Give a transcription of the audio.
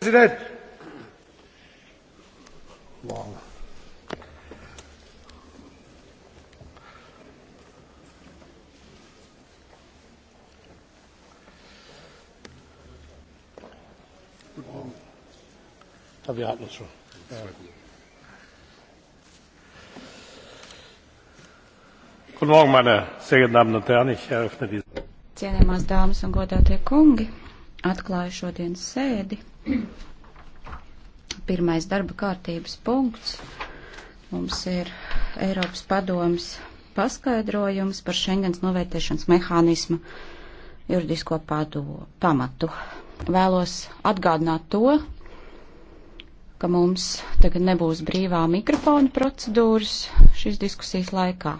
President. Long. Long. Ah, wir hatten es schon. Ja. Guten Morgen, meine sehr geehrten Damen und Herren. Ich eröffne die. Cienījamās dāmas un godātie kungi atklāju šodienas sēdi. Pirmais darba kārtības punkts mums ir Eiropas padomas paskaidrojums par Schengens novērtēšanas mehānismu juridisko padu, pamatu. Vēlos atgādināt to, ka mums tagad nebūs brīvā mikrofona procedūras šīs diskusijas laikā.